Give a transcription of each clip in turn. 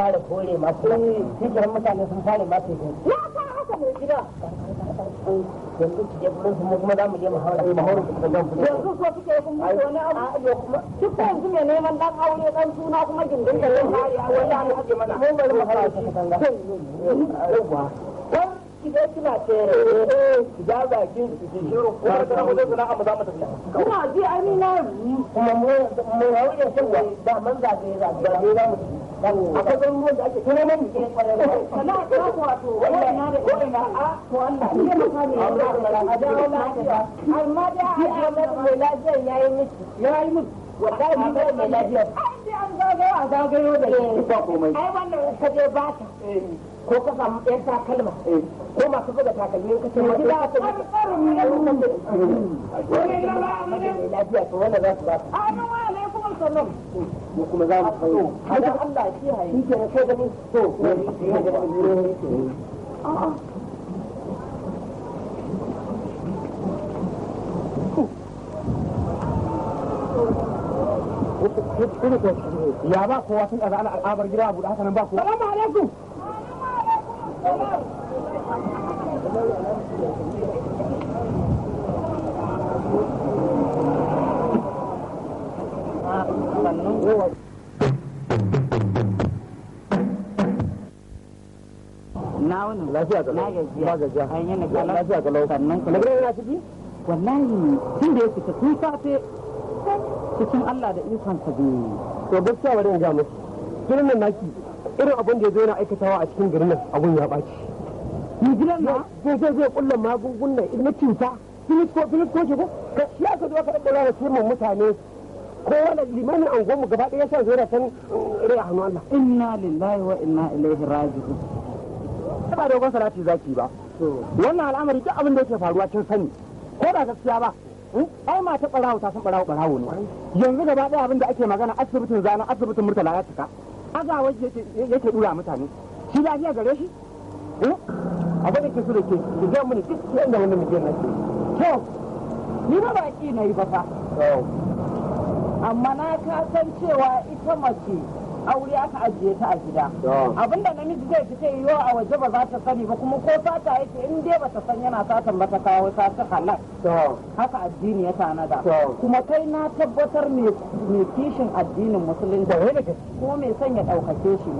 fara kore ma eh. mutane sun fara su ya ta haka mai gida yanzu ki kuma za je mu eh, mu ku yanzu so kike kun wani abu duk yanzu neman dan aure dan suna kuma gindin da yan a wani an haje mana mun bari mu haura ku yawa ki kina tere eh, ki ga bakin ki shiru ko mu amma za mu tafi kuma ji amina kuma mu mu da man za mu akwai garuruwan da ake kare mani sana'a ta eh, wato na da na a ko Allah ne ne a amma da a yayi miki yayi miki ni mai lafiya ai a da shi eh. ba komai ai wannan ka je ba ta eh. ko ka samu ɗayan takalma ko masu buga takalmi ka ce ne ne lafiya to za su ba su wasallam mu kuma za mu Allah ya shi ko gani to ya ba kowa sun ɗaga ana al'abar gida abu da haka nan ba kowa. Salamu alaikum. sannan kowa na wani na ya wallahi tun da ya fita tun safe cikin Allah da ikon ka bi to gaskiya bari in ga musu kiran nan naki irin abin da ya zo yana aikatawa a cikin garin nan abun ya ɓaci ni gidan na zai zai zai kulla magungunan na cuta filis ko filis ko shi ko ka zo ka daddara da sirrin mutane kowane limanin angon mu gaba ɗaya shan zuwa can eh, rai a hannun Allah inna lillahi wa inna ilaihi raji'un ba dogon salati zaki ba wannan al'amari duk abin da yake faruwa kin sani ko ba gaskiya ba hmm? ai mata barawo ta san barawo barawo ne yanzu gaba ɗaya abin da ake magana asibitin zana asibitin murtala ya cika azawar yake dura mutane shi lafiya gare shi hmm? abin da ke so da ke gidan mu ne duk inda wani mutum na ke ni ba baki na yi ba fa amma na kasancewa cewa ita mace aure aka ajiye ta a gida da namiji zai fi sai yiwa a waje ba za ta sani ba kuma ko sata yake in dai ba ta san yana satan ba ta kawo sata halal haka addini ya tanada kuma kai na tabbatar mai kishin addinin musulunci ko mai sanya ya ɗaukake shi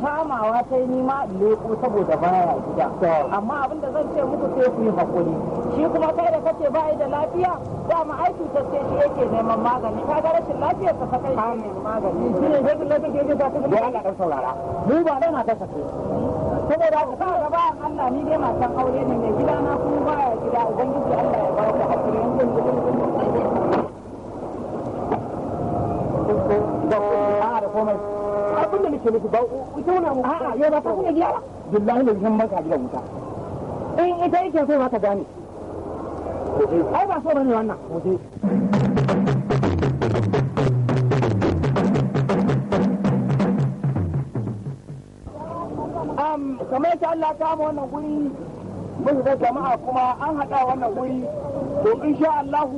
kamawa ta yi nima leko saboda baya gida amma abinda zan ce muku sai ku yi hakuri shi kuma kai da kace ba da lafiya ba ma aiki ta shi yake neman magani ka ga rashin lafiyar ka kai magani don Allah dan saurara mu ba dai matar sa saboda ka sa gaba Allah ni dai matan aure ne mai gida na kuma ba ya gida ubangiji Allah ya ba ku hakuri in kun a da abin da nake nufi ba ita wani mu a'a yau ba ta kuma giya ba billahi ne zan barka gidan wuta in ita yake so ma ta gane ai ba so bane wannan kamar yadda Allah ta mu wannan guri mun da jama'a kuma an haɗa wannan guri to insha Allah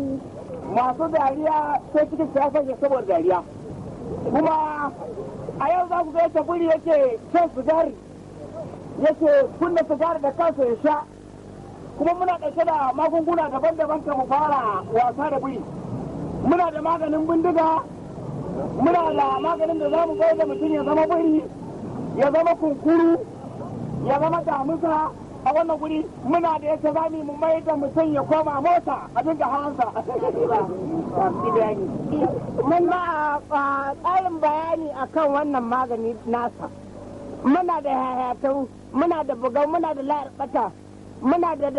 masu dariya sai cikin siyasa ne saboda dariya kuma a yau za ku ga yadda guri yake shan sigari yake kunna sigari da kansa ya sha kuma muna ɗauke da magunguna daban-daban ta mu fara wasa da wuri muna da maganin bindiga muna da maganin da za mu bai da mutum ya zama biri ya zama kunkuru ya zama musa a wannan guri muna da yadda za mu mai da mutum ya koma mota a dinga hansa mun ba a tsarin bayani a kan wannan magani nasa muna da hayatau muna da bugau muna da layar bata muna da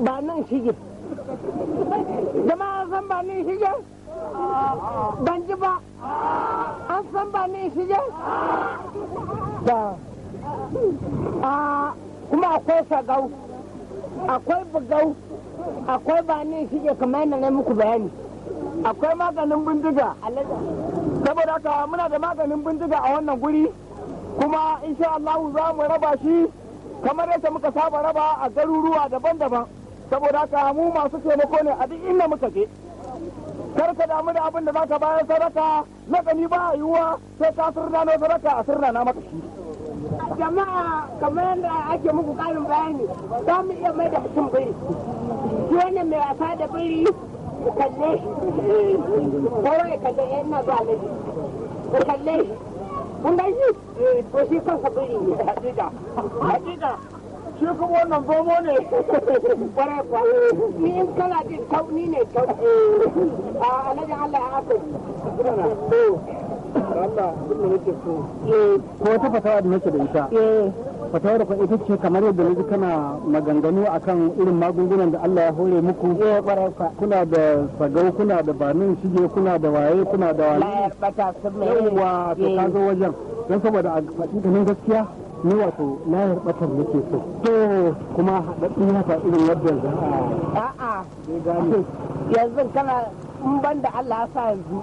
ba nan shige jama'a san ba nan shige ban ji ba an san ba nan shige Ba. kuma akwai shagau akwai bugau akwai bani shi kamar yadda na muku bayani akwai maganin bindiga saboda haka muna da maganin bindiga a wannan guri kuma insha Allah za mu raba shi kamar yadda muka saba raba a garuruwa daban-daban saboda haka mu masu taimako ne a duk inda muka je kar ka damu da abin da ka bayar sadaka na gani ba yiwuwa sai ka sirna na sadaka a sirna na maka shi jama'a kamar yadda ake muku karin bayani za mu iya mai da mutum biri shi wannan mai wasa da biri kalle kawai ya kalle ya eh, ina zuwa laji ku kalle kun ga shi ko eh, shi ku biri ne hakika hakika shi kuma wannan bomo ne kwarai kwa ni in kana jin tauni ne tauni eh, a alajin allah ya haka Allah abin da nake so eh, ko wata fatawa da nake da ita eh. fatawar ku ita ce kamar yadda naji kana maganganu akan irin magungunan da Allah ya hore muku eh, kuna da sagau kuna da banin shige kuna da waye kuna da wani yawa to ka zo wajen don saboda a faɗi ganin gaskiya ni wato na yarbatar nake so to kuma haɗaɗɗin ya irin yadda yanzu a'a yanzu kana in ban da Allah ya sa yanzu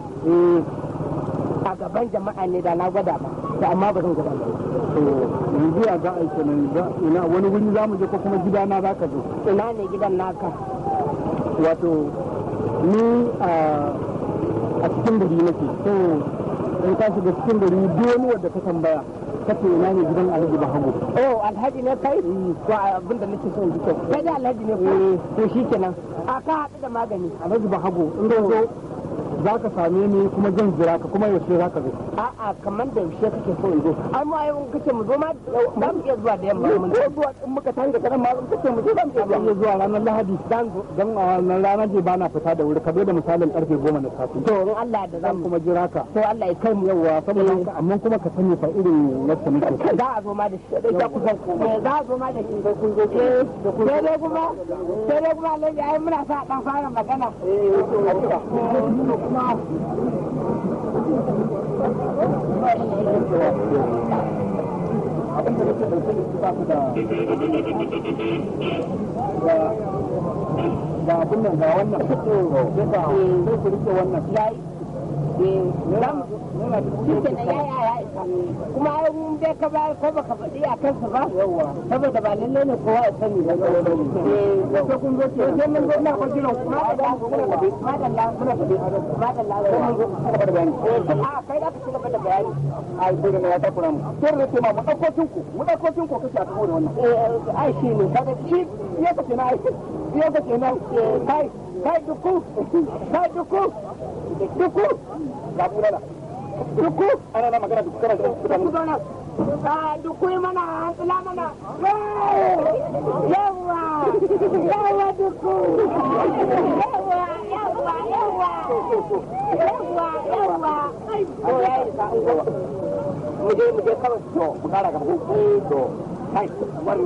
a gaban jama'a ne da na gwada ba to amma ba zan gwada ba to yanzu ya ga a yi ina wani wuri za mu je ko kuma gidana za ka zo ina ne gidan naka wato ni a cikin gari nake to in ka shiga cikin gari duk wanda ka tambaya kace ina ne gidan alhaji ba hagu oh alhaji ne kai ko eh. abin da nake so in ji kai kai alhaji ne ko eh. to shikenan a ka haɗu da magani alhaji ba hagu in zo za ka same ni kuma zan jira ka kuma yaushe za ka zo a'a kamar da yaushe kake so in zo an ma yau kace mu zo ma za mu iya zuwa da yamma mun ko zuwa in muka tashi daga nan ma kace mu zo za mu iya zuwa zuwa ranar lahadi dan dan ranar ranar je ba na fita da wuri ka zo da misalin karfe 10 na safe to in Allah da zan kuma jira ka to Allah ya kai mu yawa saboda eh, amma kuma ka sani fa irin wacce muke za a zo ma da shi da kusan komai za a zo ma da shi da kun zo eh, da kun eh, sai dai kuma sai dai kuma Allah ya muna sa dan fara magana eh abin da ga abin nan ga wannan sai rike wannan shi ke ya yaya kuma in bai ka bayar ko baka faɗi a kansa ba saboda ba lallai ne kowa ya sani ba eh ko kun zo ce sai mun zo na kwaji ran kuma da kuna da madalla kuna da madalla mun zo kuma da bayani a kai da ka da bayani ai dole ne ya ta Kuma sai ne ce ma mu dauko cinku mu dauko cinku kace a kawo da wannan ai shi ne kada shi ya kace na ai ya kace na kai kai duku kai duku duku ga burala duku ana na magana duku kana duku zauna a duku mana hantsila mana yawa yawa duku yawa yawa yawa yawa yawa mu je mu je kawai to mu kara ga hukunci eh, to wani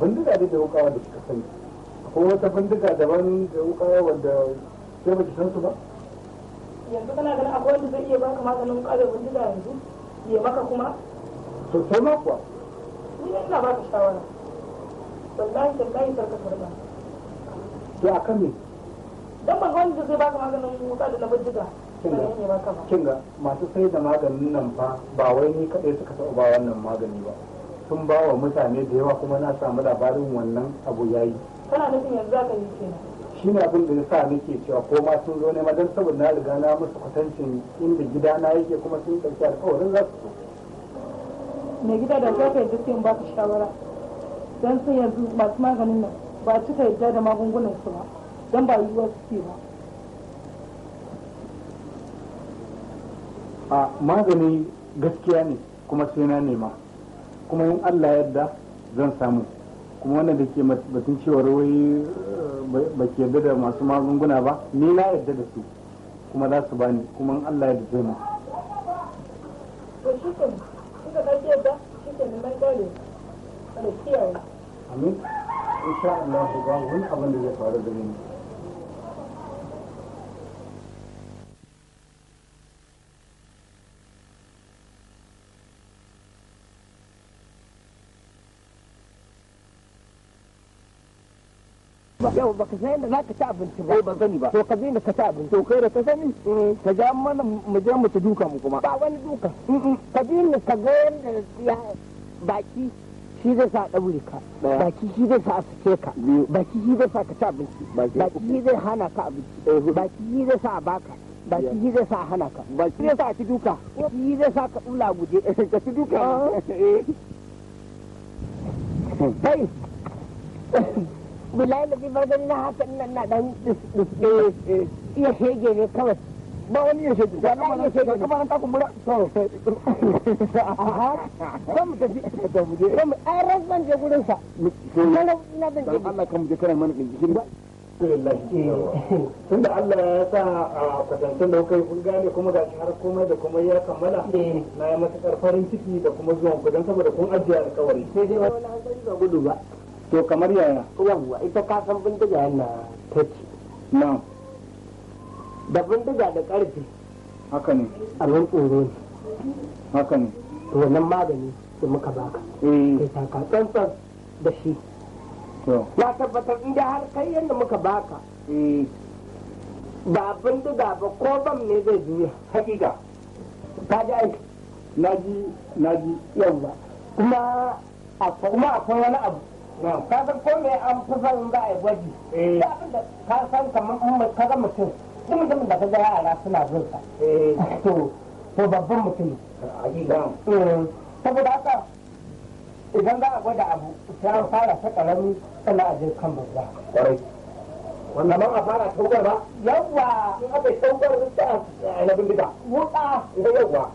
bindiga ne da wuka wanda kika sani ko wata bindiga daban da wuka wanda sai baki san su ba yanzu kana ganin akwai wanda zai iya baka maganin wuka da bindiga yanzu ya maka kuma sai ma kuwa ni ne ina baka shawara wallahi tallahi sarka sarka to akan me dan ban wanda zai baka maganin wuka da na bindiga kinga masu sai da maganin nan fa ba wai ni kadai suka taba wannan magani ba sun ba wa mutane da yawa kuma na samu labarin wannan abu ya yi. kana nufin yanzu za ka yi kenan shi ne abin da ya sa nake cewa ko ma sun zo nema don saboda na riga na musu kwatancin inda gidana yake kuma sun ɗauki alkawarin za su zo Me gida da zaka yi dukkan ba ka shawara don sun yanzu masu maganin nan ba cika yadda da magungunan su ba don ba yi su ke ba a magani gaskiya ne kuma sai na nema kuma in Allah yadda zan samu kuma wannan da ke batun cewar wai eh, ba ke yadda da masu magunguna ba ni na yadda da su kuma za su bani kuma in Allah yadda zai ma. Amin. Insha Allah ba wani abin da zai faru da ni. ba yau baka san za ka ci abinci ba eh, ba sani ba to ka bi ka ci abinci to kai da ka sani mm. ka ja mana mu je mu ta duka mu kuma ba wani duka ka bi ka ga yadda ya baki shi zai sa ɗaure ka baki shi zai sa a sake ka baki shi zai sa ka ci abinci baki shi zai hana ka abinci eh, baki shi zai sa a baka Baki shi zai sa a hana ka Baki shi zai sa a ki duka Baki shi zai sa ka dula guje eh, ka ci duka ah. kai bilayi da bi gani na hakan nan na dan iya shege ne kawai ba wani ya shege ba wani ya shege kuma nan takun mura to kan mu tafi to mu je kan ai ran ban je gurin sa na na ban je Allah kan mu je kana mana dinkin ba tunda Allah ya sa a kwatancin da kai kun gane kuma ga har komai da kuma ya kammala eh. na yi matuƙar farin ciki da kuma zuwan ku saboda kun ajiye alkawari sai dai wani hankali ba gudu ba to kamar yaya yawwa ita ka san bindiga yana ta ce na da bindiga da karfe haka ne abin tsoro ne haka ne to wannan magani da muka baka eh. kai taka tsantsan da shi na tabbatar inda har kai yadda muka baka eh. ba bindiga ba ko bam ne zai juya hakika Ta ji aiki na ji yawwa. Kuma a kuma akwai wani abu ka san ko me an fi son za a yi gwaji eh. da ka san kamar ka ga mutum duk mutum da ka ga yara suna bin sa eh. to to babban mutum eh, saboda haka idan za a gwada abu sai an fara ta karami sana a je kan babba Wannan wannan a fara taukar ba yawwa in aka taukar wuta a na bindiga wuta yawwa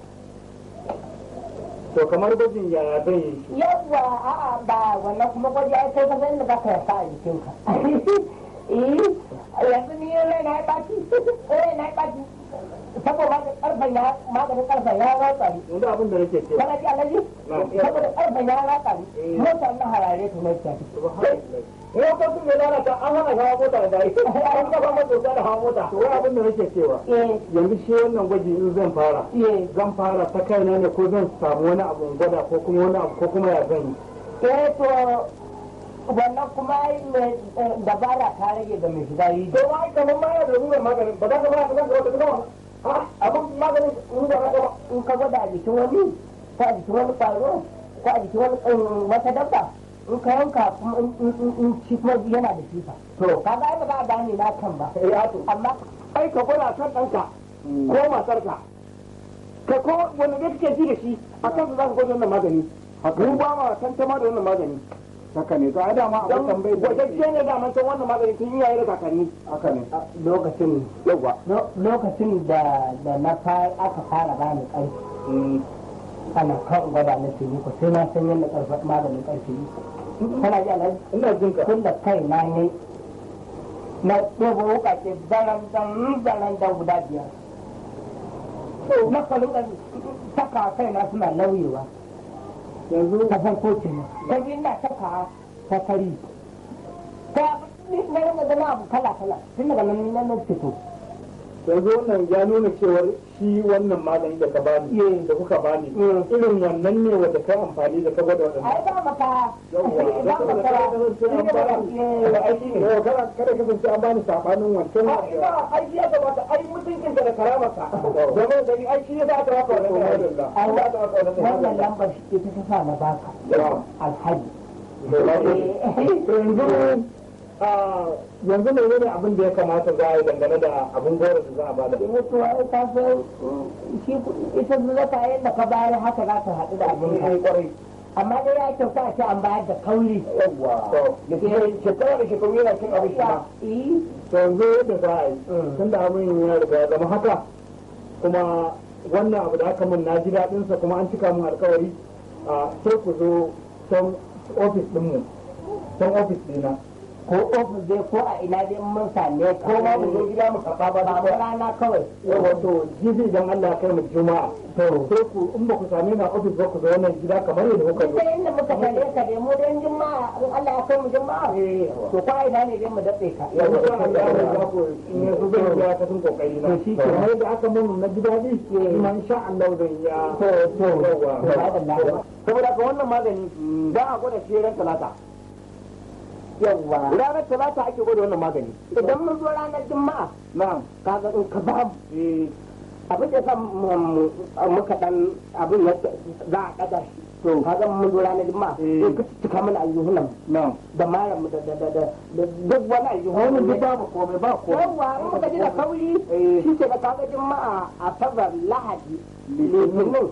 to kamar gwajin yaya zai yi a ba wannan kuma gwaji ai kai kasan da baka yasa a jikinka eh yanzu ni yana ya ɓaci ko saboda karfan ya maganin karfan ya ratsa ni abin da nake ce kana ji alaji saboda karfan ya ratsa eh. mota na harare to mai tafi yau ko kun yana ta an hana hawa mota da yi an kafa mota da hawa mota to wani abin da nake cewa eh. yanzu shi wannan gwaji in zan fara eh. zan fara ta kaina ne ko zan samu wani abu gwada ko kuma wani abu ko kuma ya zan yi eh to wannan kuma dabara ta rage da mai shiga yi to ai kamar ma ya da maganin ba za ka ba ka ba ka ba abin maganin in da in ka gwada a jikin wani ko a jikin wani ƙwaro ko a jikin wani um, wata dabba in ka yanka in ci kuma yana da sifa to ka ga ba za a na kan ba eh, amma ai ka gwada kan ɗanka ko hmm. masarka. ka ko wani ne kake ji da shi a kan za ka gwada wannan magani mu ba ma tantama da wannan magani haka ne to a dama abu bai da gaggiya ne da mantan wannan magani tun iyaye da kakanni haka ne lokacin yawa lokacin da da na fara aka fara ba ni karfi mm. ana kan gwada na tuni ko sai na san yadda karfa maganin karfi kana ji alhaji ina jin ka tun kai na ne na ɗebo wukake zaran dan zaran da guda biyar na kwalu saka kai na suna lauyewa yanzu ta farko ke nan ta ginda ta ka ta fari ka ni na zama abu kala kala tun daga nan ce fito yanzu wannan ya nuna cewar shi wannan malami da ka bani da kuka bani irin wannan ne wanda ka amfani da ka gwada wannan ai ba maka yawa da ka amfani kada ka kasance an bani sabanin wancan ina ai ya gabata ai mutuncin da karamarsa zama da ni ai shi ya za ta maka wannan wannan lambar shi ta sa na baka alhaji yanzu mai ne abin da ya kamata za a yi dangane da abin goro da za a bada. Ina eh, to ai ka san mm, shi ita zulafa da ka bayar haka za ka haɗu da abin kai eh, kwarai. Amma dai ya kyauta a ce an bayar da kauri. Yawwa. Da ke shekara da shekaru yana cin abin shi ba. Eh. To yanzu yadda za a yi. Mm. Tunda abin ya riga ya zama haka kuma wannan abu da aka min na ji daɗinsa kuma an cika min alkawari sai ku zo can ofis ɗinmu can ofis ɗina. ko ofis dai ko a ina dai mun same ko ma mu zo eh, gida mu karba ba da rana kawai wato jibi dan Allah kai mu juma'a to ko ku in ba ku same na ofis ba ku zo wannan gida kamar yadda kuka zo sai inda muka tare ka dai mu dan juma'a in Allah ya kai mu juma'a eh, to ko a ina ne dai mu dace ka yanzu ko Allah ya ga ku in ya zo ya ta sun kokari na to shi ke mai da aka mun na gida din kuma eh. insha Allah zan ya to to saboda wannan magani za a gwada shi ran talata yawa ranar ta talata ake gwada wannan magani idan mun zo ranar juma'a na'am ka ga in ka ba eh. abin da sa muka dan abin ya za a kada shi to ka ga mun zo ranar juma'a eh. sai ka tuka mana nan na'am da mu da da da da duk wani ayyuhunan wani ba babu komai ba ko yawa mun muka ji da kauri eh. shi ke da ka ga juma'a a sabar lahadi litinin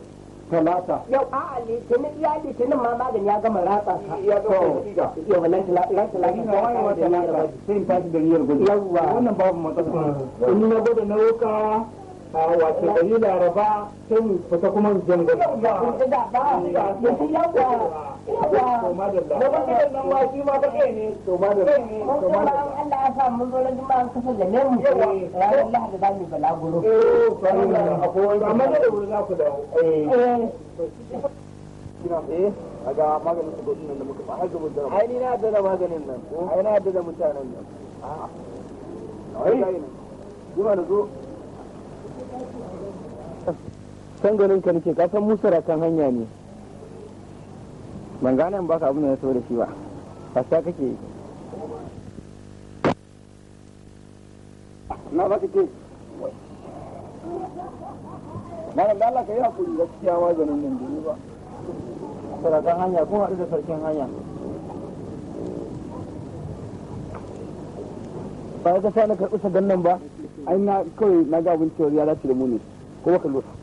talata yau a litinin ya litinin ma magani ya gama ratsa ka ya to yau nan talata ran talata ta ya gaba sai in tashi da niyyar gudu yawwa wannan babu matsala in na gudu na wuka a ah, wace gari laraba sai mu fita kuma mu jan eh, eh. eh. maganin da da na da maganin nan ai na da mutanen nan a'a ah. ai zuwa da zo kan ganin ka nake kasan musara kan hanya ne ban gane ba ka abin da saboda da shi ba sa kake yi na ba kake na da Allah ka yi hakuri cikin ma zanen nan da ba sarakan hanya kun haɗu da sarkin hanya ba ka sa na karɓi sagan nan ba ai na kawai na ga abin cewar ya dace da mu ne ko baka lura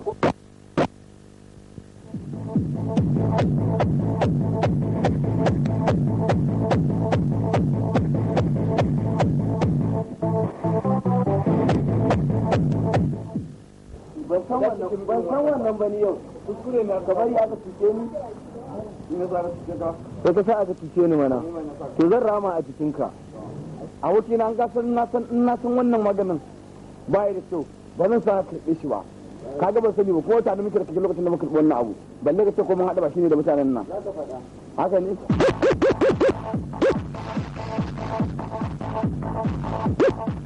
ban san wannan ba ni yau kuskure na kamar ya ka cuce ni cike ka ka sa aka cike ni mana to zan rama a ka a wuce na an gasar na san in na san wannan maganin ba ya da kyau ba zan sa ka kike shi ba kaga ba sani ba ko ta da muke cikin lokacin da muka wannan abu balle ka ce ko mun hada ba shine da mutanen nan haka ne Thank you.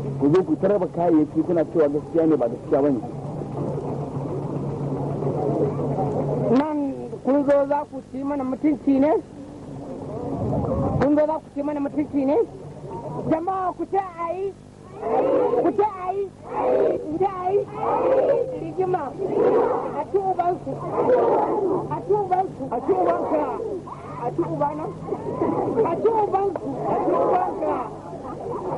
ku zo ku tarba kayayyaki kuna cewa gaskiya ne ba gaskiya bane nan kun zo za ku ci mana mutunci ne kun zo za ku ci mana mutunci ne jama'a ku ce a yi ku ce a yi ku ce a yi rigima a ci ubansu a ci ubansu a ci ubansu a ci ubana a ci ubansu a ci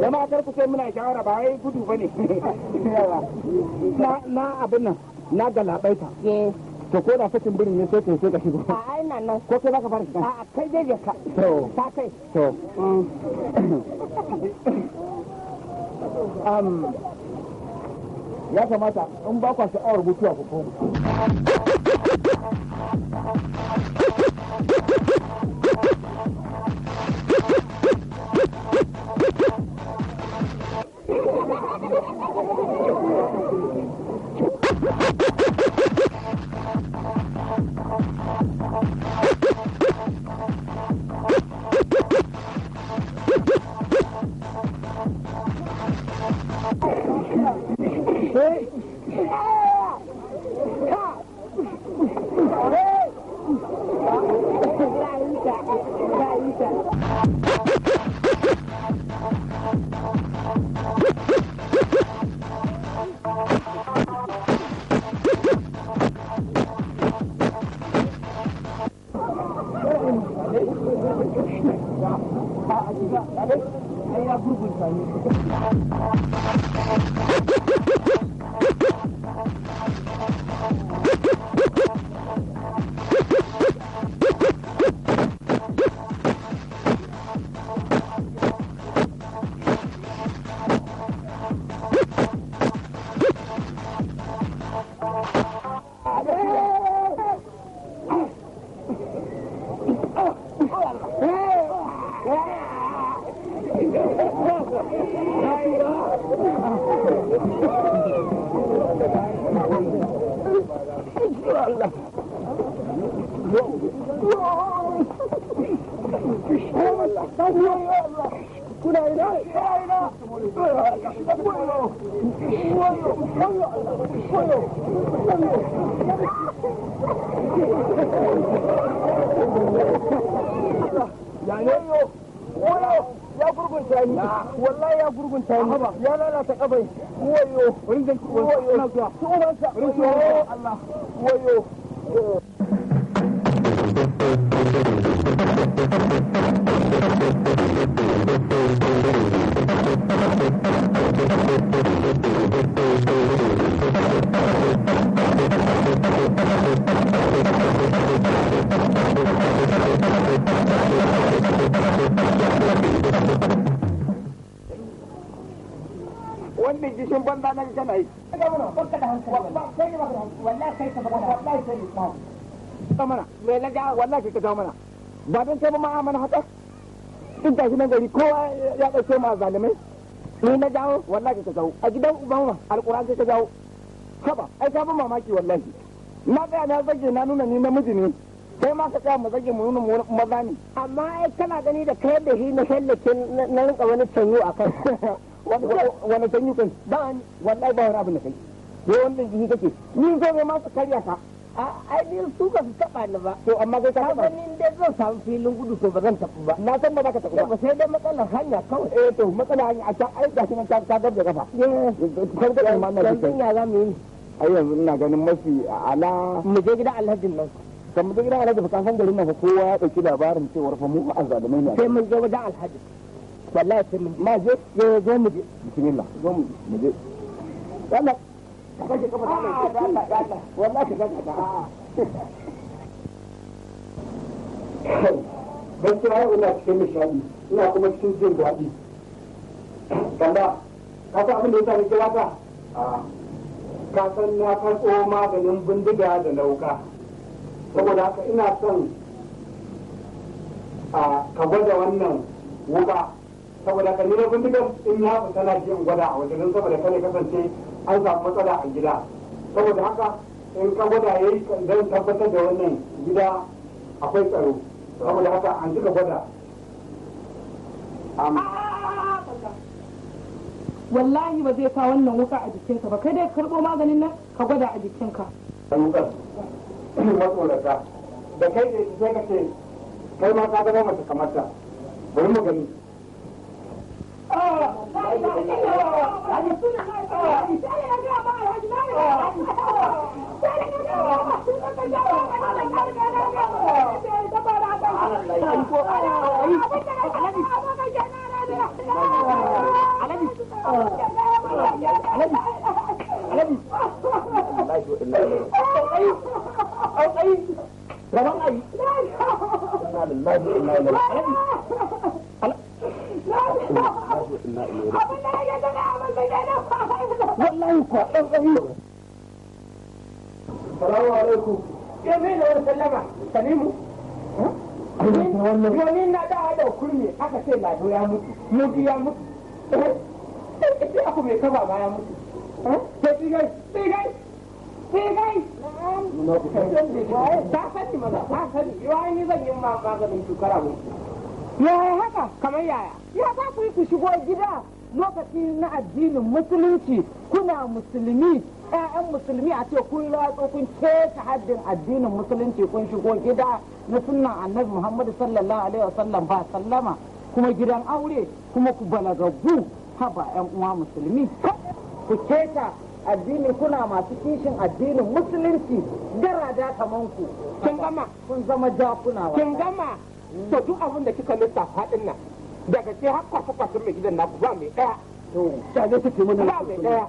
jama'a kar ku sai muna shawara ba wai gudu bane na na abin nan na galabaita to ko da sakin birin ne sai ka sai ka shigo a ai nan nan ko kai baka fara a kai dai ya ka to ta kai to um ya kamata in ba kwa sha'awar mutuwa ku koma ja wallahi ya gurgunta ni ya lalata kabai wayo rinjin wayo ina zuwa su ubanka Allah wayo Thank you. cikin بندا نجي kana yi والله mana barka da hankali wallahi ne baka wallahi kai ka baka wallahi kai me na ga wallahi ka ga mana ba dan kai mana haka in tashi gari ya dauke ni na jawo wallahi ka jawo a gidan uban wa alquran ka jawo ai ka mamaki wallahi na ga na zage na nuna ni namiji ne kai ma ka tsaya mu zage mu nuna maza ne amma ai kana gani da kai da shi na shallakin na rinka wani canyo a kai wani sanyi kan ba ni wallahi ba wani abin da kai ko wannan jini kake ni zo ne ma su karya ka a ai ni su ka su taba ni ba to amma kai ka taba ni dai zan samu filin gudu to ba zan tafi ba na san ba za ka tafi ba sai dai matsalar hanya kawai eh to matsalar hanya a can ai ga shi nan ta ta dabda kafa kar ga ma na kai ya zamu yi ai yanzu ina ganin mafi ala mu je gidan alhaji nan kan mu je gidan alhaji fa kan san garin nan fa kowa ya dauki labarin cewa fa mu azalumai ne sai mun je gidan alhaji wallahi sai mun ma je je zo mu je bismillah zo mu mu je wallahi ka kafa da Allah da Allah da Allah wallahi ka kafa a'a don kira yau ina cikin nishadi ina kuma cikin jin daɗi ganda ka san abin da ya sani kira ka ka san na farko maganin bindiga da lauka saboda haka ina son ka gwada wannan wuka saboda ka na bindigar in na fita na ji in gwada a wajen saboda kare kasance an samu matsala a gida saboda haka in ka gwada ya yi kandar tabbatar da wannan gida akwai tsaro saboda haka an cika gwada wallahi ba zai sa wannan wuka a jikinka ba kai dai karɓo maganin nan ka gwada a jikinka matsorata da kai da sai ka ce kai ma ka gaba mata kamar ta bari mu gani Raman ayi. Inna lillahi wa inna ilaihi raji'un. inna ilaihi raji'un wallahi kwa dan tsayi Salamu alaikum yamin wani sallama salimu domin na da hada kurme aka ce lado ya mutu mutu ya mutu sai eh, eh, eh, aku mai kaba ma ya mutu ta tsigai tsigai tsigai ta sani maza ta sani yawan yi zan yi maganin shukara mutu yaya haka kamar yaya ya za ku yi ku shigo gida lokaci na addinin musulunci kuna musulmi ƴaƴan musulmi a ce kun ratso kun keta haddin addinin musulunci kun shigo gida na sunnan annabi muhammadu sallallahu alaihi wasallam ba sallama kuma gidan aure kuma ku balagaggu haba ƴan uwa musulmi ku keta addini kuna masu kishin addinin musulunci gara da kamanku kun gama kun zama jakuna kin gama to duk abin da kika lissa din nan daga ce har kwasu kwasu mai gidan naku ba mai daya kyale ki tuma na ba mai daya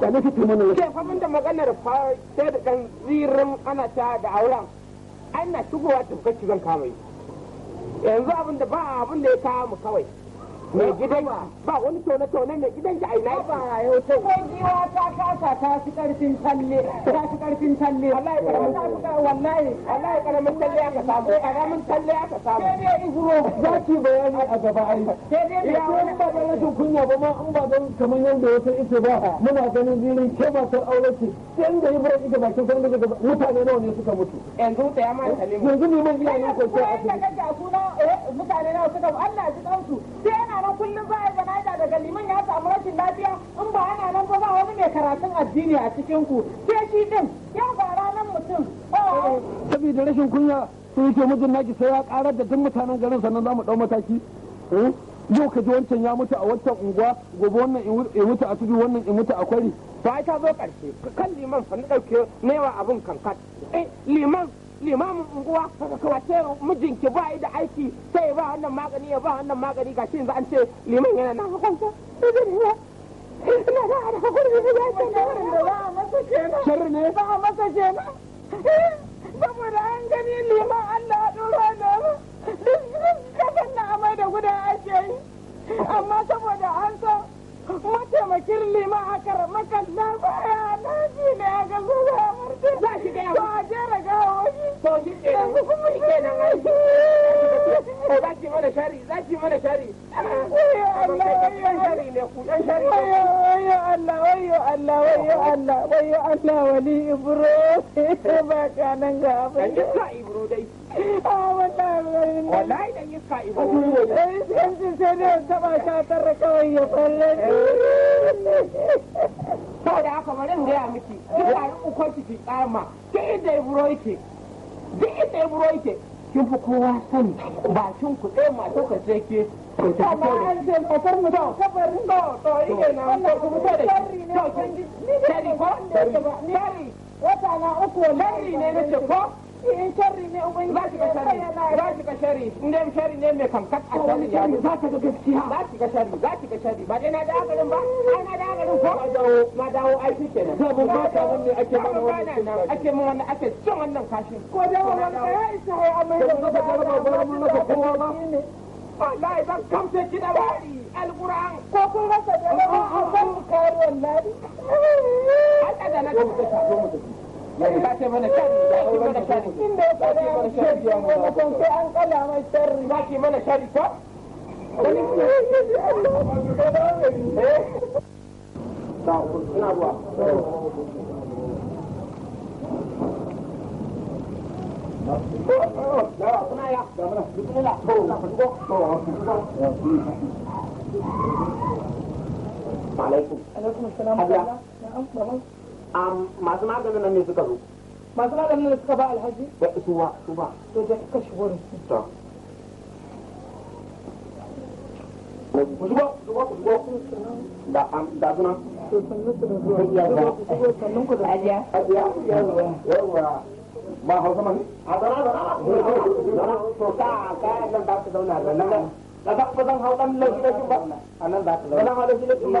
kyale ki tuma na ke famin da maganar fara sai da dan zirin ana ta da auren ana shigowa tafkar ki zan yanzu abin da ba abin da ya kawo mu kawai mai gidan ba wani tone tone mai gidan ki aina ba rayo to ko giwa ta kasa ta karfin talle ta karfin talle wallahi wallahi wallahi karamin talle aka samu karamin eh, talle aka samu sai dai izuro zaki bayani a gaba ai sai dai ya ba da rashin kunya ba ma an ba don kamar yanda wata ita ba muna ganin zirin ke ba ta aure ce sai da ibrahim ita bakin san daga mutane nawa ne suka mutu yanzu ta ya ma yanzu ne mun yi ne ko ta mutane nawa suka Allah ya ji kansu sai yana nan kullum za a yi da daga liman ya samu rashin lafiya in ba ana nan ba ba wani mai karatun addini a cikin ku ke shi din yau ba ranar mutum saboda rashin kunya sai yake mijin naki sai ya karar da duk mutanen garin sannan za mu dau mataki eh, yau ka ji wancan ya mutu a wancan unguwa gobe wannan in mutu a tudu wannan in mutu a kwari Ba ai ta zo karshe kan liman fa na dauke nema abun kankat eh, liman limamin unguwa kaga kawace ce mijinki ba da aiki sai ba wannan magani ya ba wannan magani gashi yanzu an ce liman yana nan hukunta ina da ba a masa kenan sharri ne da duk na amai da guda ake yi amma saboda an san mataimakin liman a karamakan na baya na ji ne a ga zuwa murti za shi ga yawa a jera ga wani to shi ke nan kuma shi ke nan ai ko za ki mana shari za ki mana shari wayo Allah wayo shari ne ku dan shari wayo wayo Allah wayo Allah wayo Allah wayo Allah wali ibro eh. ba kanan ga abin da ibro dai wallahi ibo yanzu sai taba sha tarra kawai ya falle saboda haka duk ki ki kama inda duk inda kin fi kowa sani masu ke mu na wannan ku fito da ni ne na ko sharri ne ubangiji za ki ga sharri za ki ga sharri in dai sharri ne mai kamkat a kan ya za ka ga gaskiya za ki ga sharri za ki ga sharri ba dai na da hakarin ba ai na da hakarin ko ma dawo ma dawo ai shi kenan za mu ake mana wannan ake wannan ake wannan kashin ko da wannan ya isa amai da ba ba ba mun maka kowa ba wallahi da wari alquran ko kun rasa da ba ku san kare wallahi da na ga mu ta zo kace mana sharri zaki mana sharri inda ya fara mana sharri ya mana kun sai an kala mai sharri zaki mana sharri ko عليكم عليكم السلام ورحمة الله نعم masu maganin nan ne suka zo masu maganin nan suka ba alhaji ba su ba su ba to da ka shigo da su to ku shigo ku ku shigo da am da ba ba a zana zana ba ba ba a nan ba ku zauna nan hau da ba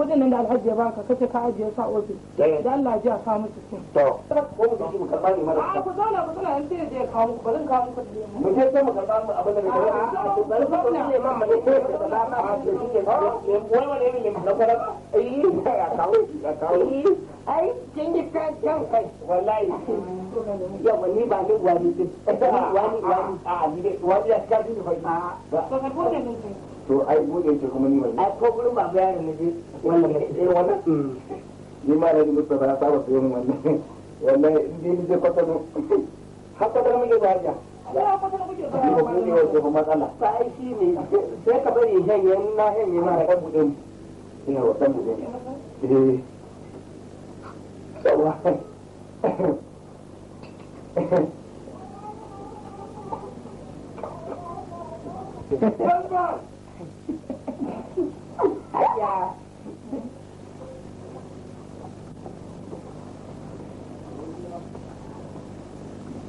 kudin nan da alhaji ya baka kace ka ajiye sa ofis eh. da Allah ji a sa musu sun to ko mu ji mu karba ne mara a ku zauna ku zauna in sai je ka mu bari ka mu muku mu je sai mu karba mu abin da ne kawai bari ku zauna ne mamma ne ko ka da na ha ce ke kike eh. ko wai wani ne ne na fara ai eh, ya kawo ya kawo ai kin yi kan kan kai wallahi yawa ni ba ni wani ce wani wani a ni wani ya ka ji ni fa ba ka ko ne ne to ai mu kuma ni ko gurin ba ne wannan mm. ni ma da ba su yin wannan in ni je haka da muke ba ja ya muke ba ko Ko kuma matsala ta ai shi ne sai ka bari na ma da bude ni ina wa bude eh Thank you. Yeah.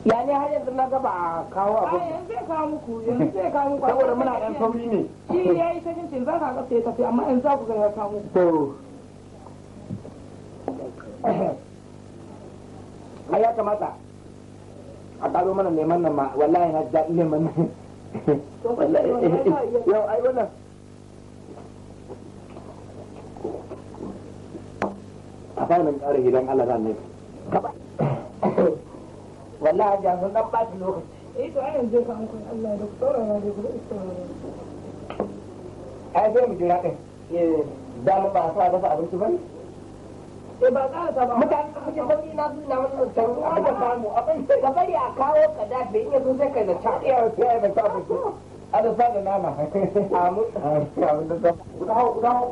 ya ne har yanzu na gaba a kawo abu a ah, yanzu ya kawo muku yanzu ya kawo muku saboda muna dan sauri ne shi ya yi sakin cin za ka ga sai tafi amma yanzu za ku ga ya kawo muku to ai ya kamata a karo mana neman nan ma wallahi na ji daɗin neman nan ai wannan a faunin karin gidan Allah zan ne gaba wallahi ja sun dan baki lokaci eh to ai yanzu ka an Allah da tsorara da gudu tsorara ai sai mu jira kai eh da mu ba sa dafa abinci bane eh ba za ta ba mutane kuke bari na su na wannan taruwa da abin ka bari a kawo ka da bai iya sun sai kai da ta iya sai ba ta ada sa nama amu amu da ta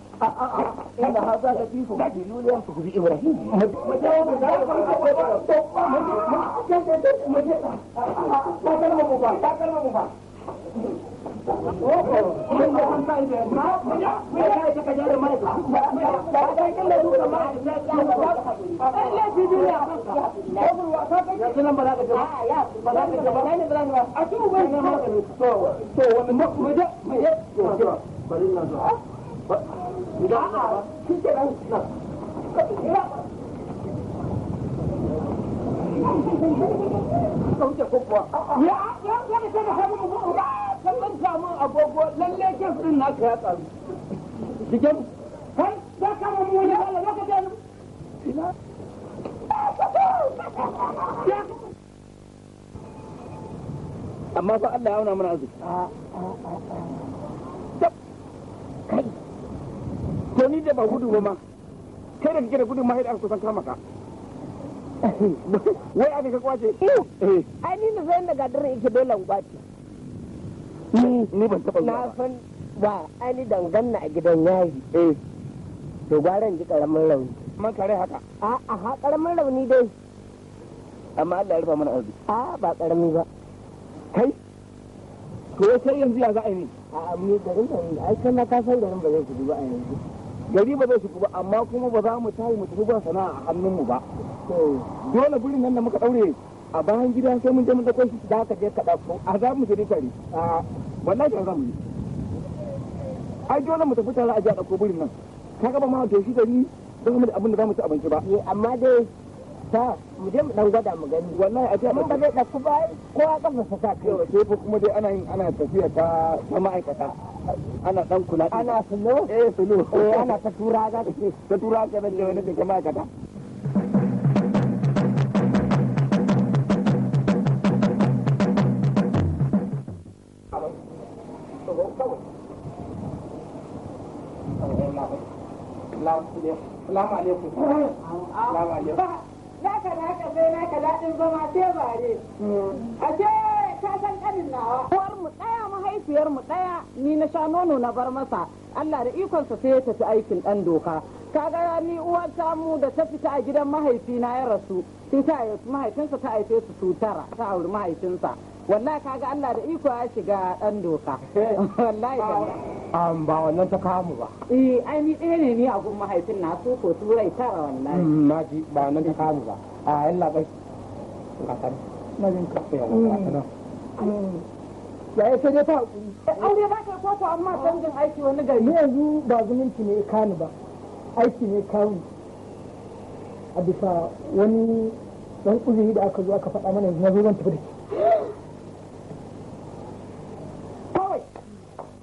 inda hausa ta da ku gaji ku ibrahim Nah, kita harus nak. Kau ce kokowa. Ya, ya, ya, da sai da hagu mu ba. Kan ban samu agogo lalle ke din na ka yatsa. Jigen kai da ka mu mu ya Allah lokacin. Ina. Amma fa Allah ya auna mana arziki. Kai to ni da ba gudu ba ma kai da kake da gudun mahaifin kusan kama ka wai aka ka kwace eh. ai ni da zan daga dare yake dole in kwace ni ban taba na san ba ai ni danganna a gidan yayi eh to gwaran ji karamin rauni man kare haka a a ha karamin rauni dai amma Allah ya rufa mana arziki a ba karami ba kai to sai yanzu ya za a yi ne a amma garin da ai kana ka san garin ba zai gudu ba a yanzu gari ba zai shigo ba amma kuma ba za mu tayi mu tafi ba sana'a a hannunmu ba dole gurin nan da muka daure a bayan gida sai mun je mun dauko shi da haka je ka dauko a za mu je ne tare a wallahi za mu yi ai dole mu tafi tare a je a dako gurin nan kaga ba ma to shi gari don mu da abin da za mu ci abinci ba eh, amma dai ta mu je mu dan gwada mu gani wallahi a ce mun ba zai dauku ba ko a kafa sa ta yau sai kuma dai ana yin ana tafiya ta ta ma'aikata ana dan kula ana sulo eh eh ana ta tura ga ta tura ga da wani ma'aikata Assalamu alaikum. Assalamu alaikum. Ah, ah. Za ka da haka sai na ka daɗin zama sai ne. a ce ka san ƙarin nawa uwar mu ɗaya mahaifiyar mu ɗaya ni na sha nono na bar masa Allah da ikonsa sai ya tafi aikin ɗan doka ga ni uwar mu da ta fita a gidan mahaifina ya rasu sai ta mahaifinsa ta haife su su tara ta auri mahaifinsa wallahi kaga Allah da iko ya shiga dan doka wallahi an ba wannan ta kamu ba eh ai ni ɗaya ne ni a gun mahaifin na so ko turai ta wallahi mm, na ji ba wannan ta kamu ba a Allah bai ka san na ka ya Allah ya yi sai dai ta hakuri aure ba kai kotu amma canjin aiki wani gari ni yanzu ba zumunci ne kanu ba aiki ne kanu a bisa wani dan kuzuri da aka zo aka faɗa mana yanzu na zo zan tafi da shi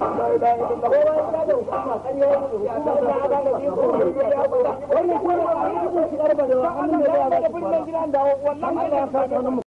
su ma wannan